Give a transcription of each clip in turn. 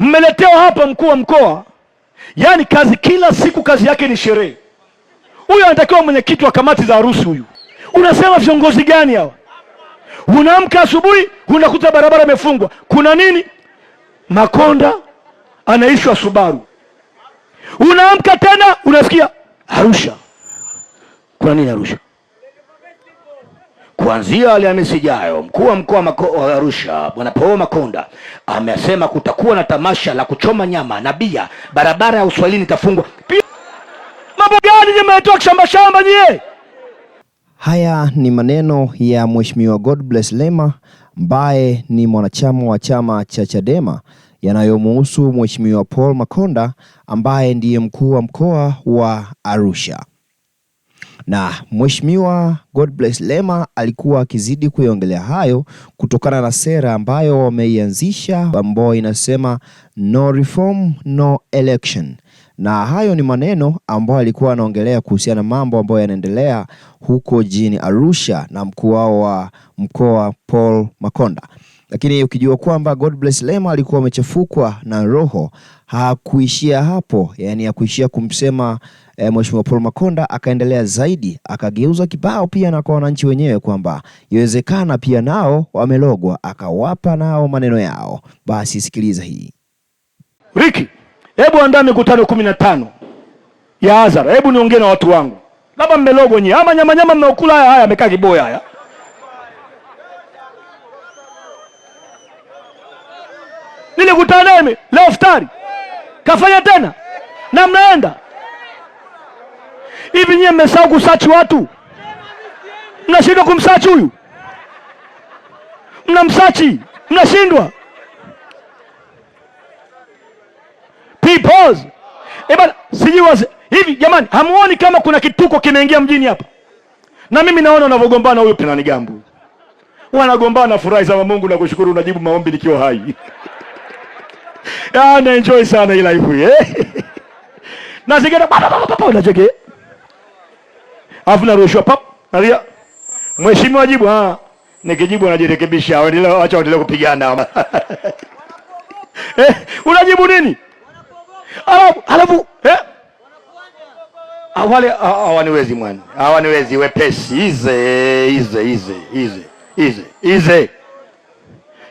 mmeletewa hapa mkuu wa mkoa, yaani kazi kila siku kazi yake ni sherehe. Huyu anatakiwa mwenyekiti wa kamati za harusi huyu. Unasema viongozi gani hawa? Unaamka asubuhi unakuta barabara imefungwa, kuna nini? Makonda anaishwa Subaru. Unaamka tena unasikia Arusha, kuna nini Arusha? Kuanzia Alhamisi ijayo, mkuu wa mkoa wa Arusha Bwana Paul Makonda amesema kutakuwa na tamasha la kuchoma nyama na bia, barabara ya Uswahilini itafungwa. Mambo gani yametoka shamba shamba nyie? Haya ni maneno ya Mheshimiwa Godbless Lema ambaye ni mwanachama wa chama cha Chadema yanayomuhusu Mheshimiwa Paul Makonda ambaye ndiye mkuu wa mkoa wa Arusha na Mheshimiwa Godbless Lema alikuwa akizidi kuiongelea hayo kutokana na sera ambayo wameianzisha ambayo inasema no reform no election, na hayo ni maneno ambayo alikuwa anaongelea kuhusiana na mambo ambayo yanaendelea huko jijini Arusha na mkuu wao wa mkoa Paul Makonda. Lakini ukijua kwamba God bless Lema alikuwa amechafukwa na roho, hakuishia hapo, yani hakuishia kumsema e, Mheshimiwa Paul Makonda, akaendelea zaidi, akageuza kibao pia na kwa wananchi wenyewe kwamba iwezekana pia nao wamelogwa, akawapa nao maneno yao. Basi sikiliza hii Riki, hebu andaa mikutano kumi na tano ya hadhara, hebu niongee na watu wangu, labda mmelogwa nyie ama nyama mmeokula. Haya haya, amekaa kiboya haya nilikutana nami leo iftari, kafanya tena na mnaenda hivi. Nyie mmesahau kusachi watu, mnashindwa kumsachi huyu, mnamsachi, mnashindwa people Eba, eh, sijui hivi jamani, hamuoni kama kuna kituko kimeingia mjini hapa? Na mimi naona unavyogombana huyu Pinanigambu wanagombana, furahi za Mungu na kushukuru, unajibu maombi nikiwa hai Ah, na enjoy sana hii life hii eh. na zingine afu na rushwa pap, nalia mheshimiwa, jibu ah, nikijibu anajirekebisha, wendele acha waendelee kupigana eh, unajibu nini? Alafu alafu eh awale ah, ah, awaniwezi mwani awaniwezi wepesi ize ize ize ize ize ize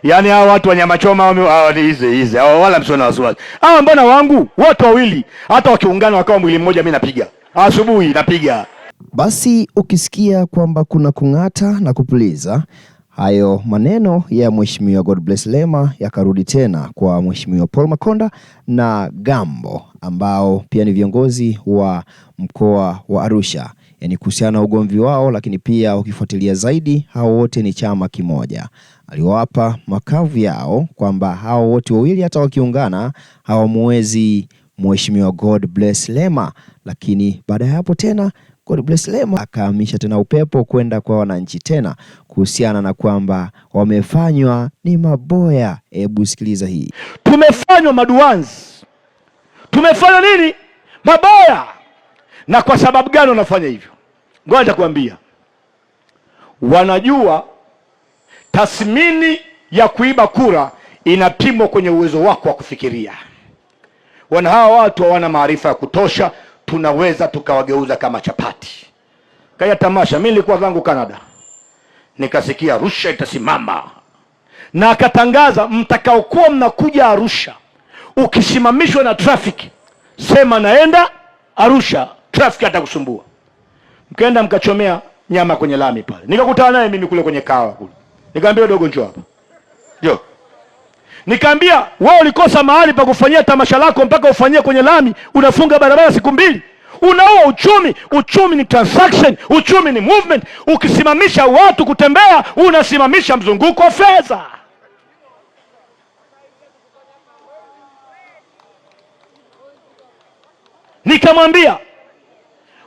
Yaani hao watu wa nyama choma wao ah, ni hizi hizi. Hao wala msiwe na wasiwasi. Hao ah, mbona wangu wote wawili hata wakiungana wakawa mwili mmoja mimi napiga. Asubuhi napiga. Basi ukisikia kwamba kuna kung'ata na kupuliza, hayo maneno ya Mheshimiwa God bless Lema yakarudi tena kwa Mheshimiwa Paul Makonda na Gambo ambao pia ni viongozi wa mkoa wa Arusha yani kuhusiana na ugomvi wao, lakini pia ukifuatilia zaidi, hao wote ni chama kimoja. Aliwapa makavu yao kwamba hao wote wawili hata wakiungana hawamuwezi Mheshimiwa God bless Lema, lakini baada ya hapo tena God bless Lema akahamisha tena upepo kwenda kwa wananchi tena kuhusiana na kwamba wamefanywa ni maboya. Hebu sikiliza hii. Tumefanywa maduanzi, tumefanywa nini? Maboya. Na kwa sababu gani wanafanya hivyo? Ngoja nitakwambia, wanajua tathmini ya kuiba kura inapimwa kwenye uwezo wako wa kufikiria. Wana hawa watu hawana maarifa ya kutosha, tunaweza tukawageuza kama chapati. Kaya tamasha, mi nilikuwa zangu Canada, nikasikia Arusha itasimama na akatangaza, mtakaokuwa mnakuja Arusha ukisimamishwa na trafiki, sema naenda Arusha, trafiki hatakusumbua mkaenda mkachomea nyama kwenye lami pale. Nikakutana naye mimi kule kwenye kawa kule, nikamwambia dogo, njoo hapa, njoo. Nikamwambia wewe ulikosa mahali pa kufanyia tamasha lako mpaka ufanyie kwenye lami, unafunga barabara siku mbili, unaua uchumi. Uchumi ni transaction, uchumi ni movement. Ukisimamisha watu kutembea, unasimamisha mzunguko wa fedha. Nikamwambia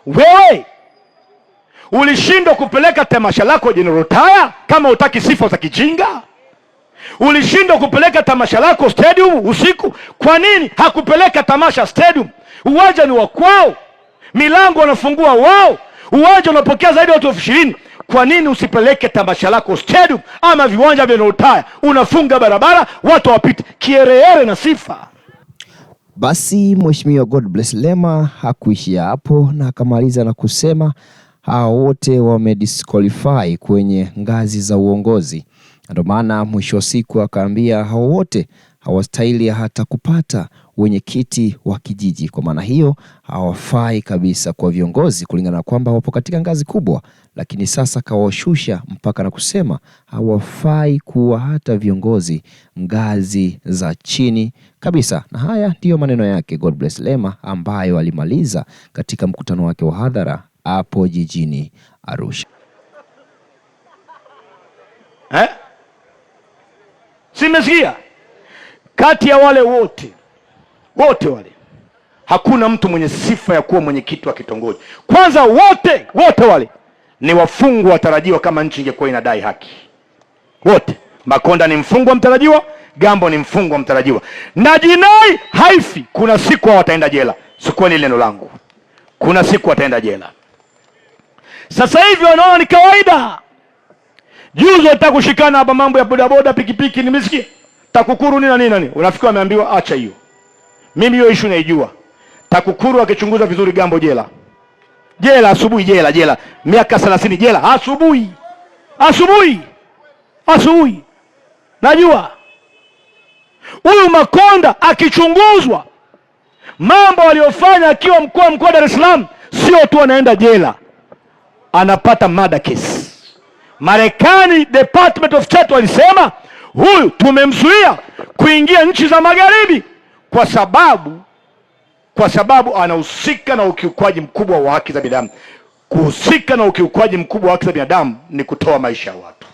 wewe Ulishindwa kupeleka tamasha lako jenerotaya kama utaki sifa za kijinga? Ulishindwa kupeleka tamasha lako stadium usiku? Kwa nini hakupeleka tamasha stadium? Uwanja ni wa kwao, milango wanafungua wao, uwanja unapokea zaidi ya watu elfu ishirini. Kwa nini usipeleke tamasha lako stadium ama viwanja vya jenerotaya? Unafunga barabara watu wapite kiherehere na sifa. Basi Mheshimiwa God bless Lema hakuishia hapo na akamaliza na kusema hawa wote wamedisqualify kwenye ngazi za uongozi. Ndio maana mwisho wa siku akaambia hawa wote hawastahili hata kupata wenyekiti wa kijiji. Kwa maana hiyo hawafai kabisa kwa viongozi, kulingana na kwamba wapo katika ngazi kubwa, lakini sasa kawashusha mpaka na kusema hawafai kuwa hata viongozi ngazi za chini kabisa. Na haya ndiyo maneno yake God bless Lema ambayo alimaliza katika mkutano wake wa hadhara hapo jijini Arusha eh? Simesikia, kati ya wale wote wote wale hakuna mtu mwenye sifa ya kuwa mwenyekiti wa kitongoji. Kwanza wote wote wale ni wafungwa watarajiwa, kama nchi ingekuwa inadai haki. Wote Makonda ni mfungwa mtarajiwa, Gambo ni mfungwa mtarajiwa, na jinai haifi. Kuna siku hao wataenda jela. Sikuwa ni neno langu, kuna siku wataenda jela. Sasa hivi wanaona ni kawaida. Juzi walitaka kushikana hapa mambo ya bodaboda, pikipiki, nimesikia TAKUKURU nina na nini nani, unafikiri ameambiwa acha hiyo. Mimi hiyo issue naijua. TAKUKURU akichunguza vizuri, Gambo jela, jela asubuhi, jela jela, miaka 30 jela asubuhi, asubuhi, asubuhi. Najua huyu Makonda akichunguzwa mambo aliyofanya akiwa mkuu wa mkoa Dar es Salaam, sio tu anaenda jela, anapata murder case. Marekani, Department of State walisema huyu tumemzuia kuingia nchi za magharibi kwa sababu kwa sababu anahusika na ukiukwaji mkubwa wa haki za binadamu. Kuhusika na ukiukwaji mkubwa wa haki za binadamu ni kutoa maisha ya watu.